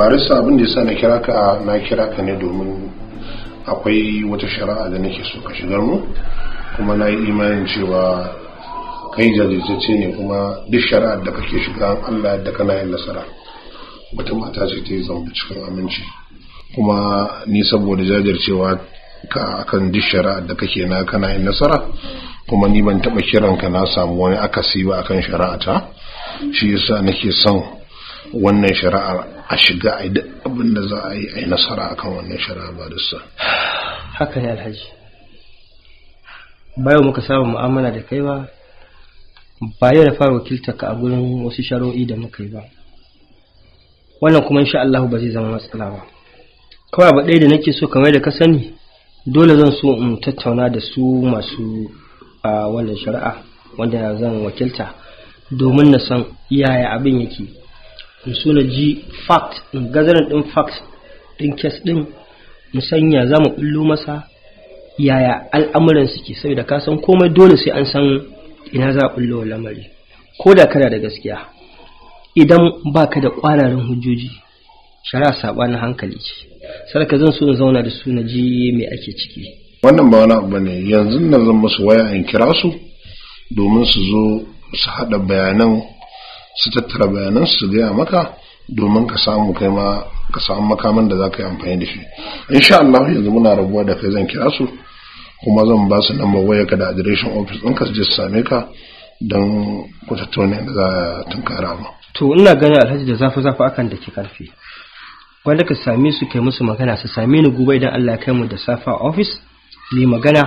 barista abin da yasa na kira ka na kira ka ne domin akwai wata shari'a da nake so ka shigar mu kuma na yi imanin cewa kai jajirce ne kuma duk shari'ar da kake shiga Allah da kana yin nasara wata mata ce ta yi zama cikin aminci kuma ni saboda jajircewa ka kan duk shari'ar da kake na kana yin nasara kuma ni ban taɓa kiran ka na samu wani akasi ba akan shari'ata shi yasa nake son wannan shari'ar a shiga a duk abin da za a yi a yi nasara akan wannan shari'a ba dussa haka ne alhaji bayan muka saba mu'amala da kai ba ba yau da fara wakiltar ka a gurin wasu shari'o'i da muka yi ba wannan kuma insha Allah ba zai zama matsala ba kawai ba ɗaya da nake so kamar da ka sani dole zan so in tattauna da su masu a wannan shari'a wanda zan wakilta domin na san yaya abin yake in so na ji fact in gazarin din fact din kes din mu sanya za mu bullo masa yaya al'amuran suke saboda ka san komai dole sai an san ina za a bullo lamari ko da kana da gaskiya idan ba ka da ƙwararin hujjoji shari'a na hankali ce sarka zan so in zauna da su na ji me ake ciki wannan ba wani abu ne yanzu na zan musu waya in kira su domin su zo su haɗa bayanan su tattara bayanan su gaya maka domin ka samu kai ma ka samu makaman da za ka yi amfani da shi insha Allah yanzu muna rabuwa da kai zan kira su kuma zan ba su lambar waya ka da adireshin ofis in ka su je su same ka don ku tattauna da za a tunkara mu. to ina ganin alhaji da zafi zafi akan da ke karfi wanda ka same su kai musu magana su same ni gobe idan Allah ya kai mu da safa ofis ni magana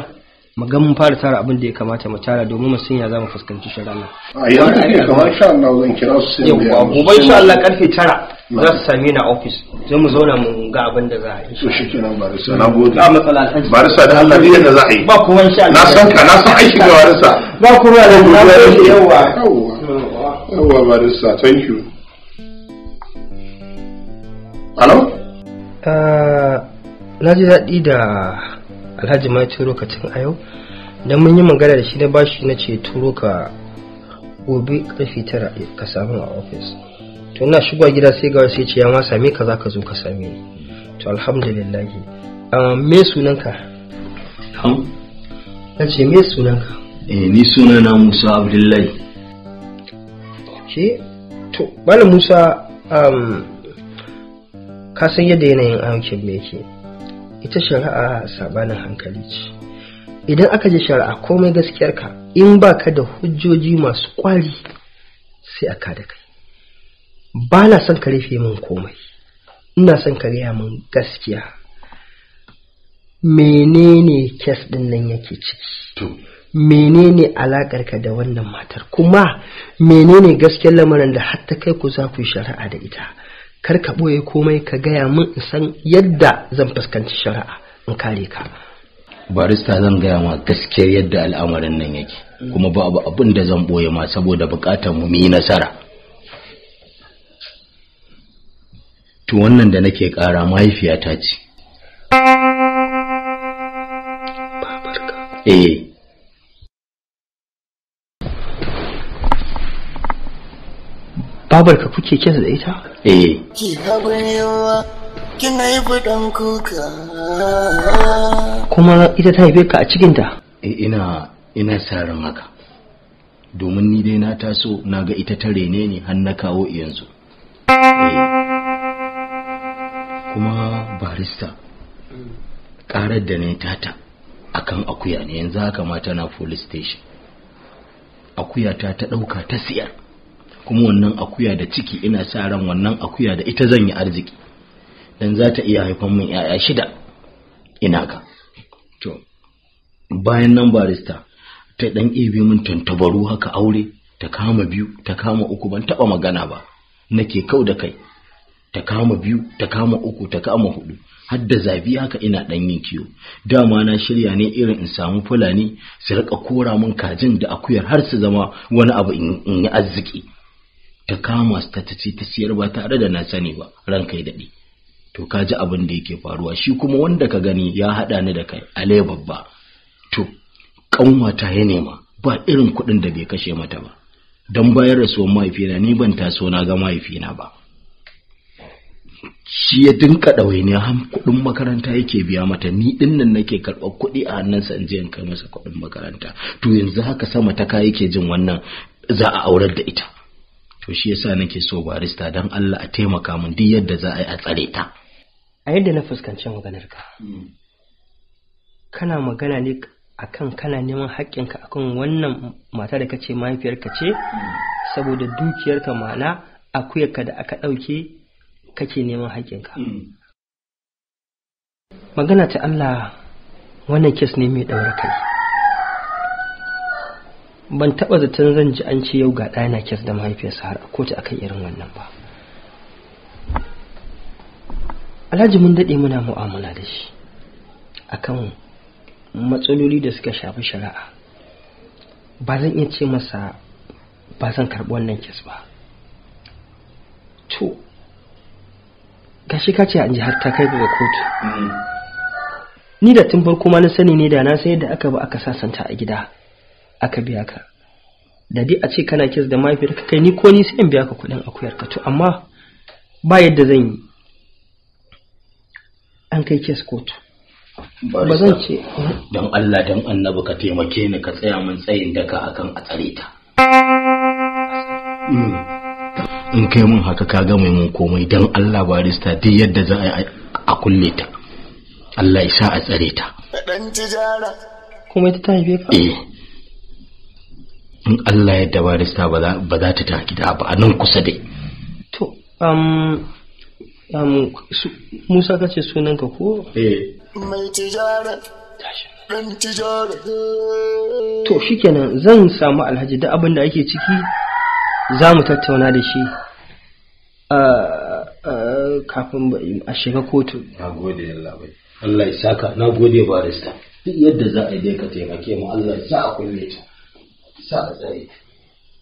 mu ga mun fara tara abin da ya kamata mu tara domin mu sanya za mu fuskanci shi ranar. A yau da ke kamar insha Allah zan kira su sai mu yawa. Gobe insha Allah karfe tara za su sami na a ofis sai mu zauna mu ga abin da za a yi. So shi kenan barisa na gode. Ba matsala alhaji. Barisa da Allah ne da za a yi. Ba kuma insha Allah. Na san ka na san aiki ga barisa. Ba kuma da gobe. Yawwa. Yawwa barisa thank you. Hello? Uh, na ji daɗi da alhaji ma ya turo ka cin ayo dan mun yi magana da shi na bashi na ce turo ka gobe karfe tara ka samu a ofis to ina shigowa gida sai ga sai ce ya ma same ka za ka zo ka same ni to alhamdulillah me sunanka ham na ce me sunanka eh ni na Musa Abdullahi Ok. to malam Musa ka san yadda yanayin aikin me yake ita shari'a sabanin hankali ce idan aka je shari'a komai gaskiyarka in ba ka da hujjoji masu kwari sai a da kai ba na son ka rufe min komai ina son ka gaya min gaskiya menene kes din nan yake ciki menene ka da wannan matar kuma menene gaskiyar lamarin da hatta kai ku za ku yi shari'a da ita kar ka ɓoye komai ka gaya min in san yadda zan fuskanci shari'a in kare ka barista zan gaya ma gaskiyar yadda al'amarin nan yake kuma ba abu abin da zan ɓoye ma saboda buƙatar mu yi nasara to wannan da nake ƙara mahaifiyata ce eh babar ka kuke kisa da ita eh ki haɓarewa kin yi faɗan kuka kuma ita ta haife ka a cikinta eh, ina ina sarin haka domin ni dai na taso na ga ita ta rene ne har na kawo yanzu eh. kuma barista ƙarar da na tata akan akuya ne yanzu haka ma tana police station akuya ta ta ɗauka ta siyar kuma wannan akuya da ciki ina sa ran wannan akuya da ita zan yi arziki dan za ta iya haifan min yaya shida ina ka to bayan nan barista ta dan ebe min tantabaru haka aure ta kama biyu ta kama uku ban taba magana ba nake kau da kai ta kama biyu ta kama uku ta kama hudu har da zabi haka ina dan yin kiyo dama na shirya ne irin in samu fulani su rika kora mun kajin da akuyar har su zama wani abu in yi arziki ta kama ta ta ce ta siyar ba tare da na sani ba ran kai daɗe to ka ji abin da yake faruwa shi kuma wanda ka gani ya haɗa ni da kai ale babba to ƙanwata ya nema ba irin kuɗin da bai kashe mata ba don bayan rasuwar mahaifina ni ban taso na ga mahaifina ba shi ya dinka ne har kuɗin makaranta yake biya mata ni ɗin nan nake karɓar kuɗi a hannunsa in je kai masa kuɗin makaranta to yanzu haka sama ta ka yake jin wannan za a aurar da ita to shi yasa nake so barista don Allah a taimaka mun duk yadda za a yi a tsare ta a yadda na fuskanci maganar ka kana magana ne akan kana neman ka akan wannan mata da kace mahaifiyarka ce saboda dukiyarka ma'ana ka da aka ɗauke kake neman ka magana ta Allah wannan kes ne mai ɗaura kai ban taba zaton zan ji an ce yau ga na kes da mahaifiyarsa har ko kotu akan irin wannan ba alhaji mun daɗe muna mu'amala da shi akan matsaloli da suka shafi shari'a ba zan iya ce masa ba zan karɓi wannan kyas ba to gashi ka ce an ji har ta kai ga kotu mm. ni da tun farko ma na sani ne da na sai da aka ba aka sasanta a gida aka biya ka da dai a ce kana kes da mafi da kai ni ko ni sai in biya ka kuɗin akuyar ka to amma ba yadda zan yi an kai kes kotu ba zan ce hmm? don Allah don annabi ka taimake ni ka tsaya min tsayin daka akan a tsare ta hmm. in kai mun haka ka ga mai mun komai don Allah barista duk yadda za a kulle ta Allah ya sa a tsare ta kuma ita ta haife ka eh in Allah ya dabarista ba za ta taki da ba a nan kusa dai to um, um, Musa kace sunan ka ko eh mai to shikenan zan samu alhaji da abin da ake ciki za mu tattauna da shi ah, ah, kafin a shiga kotu na gode Allah bai Allah ya saka na gode barista duk yadda za a yi dai ka taimake mu Allah ya sa a kulle ta چار چاہیے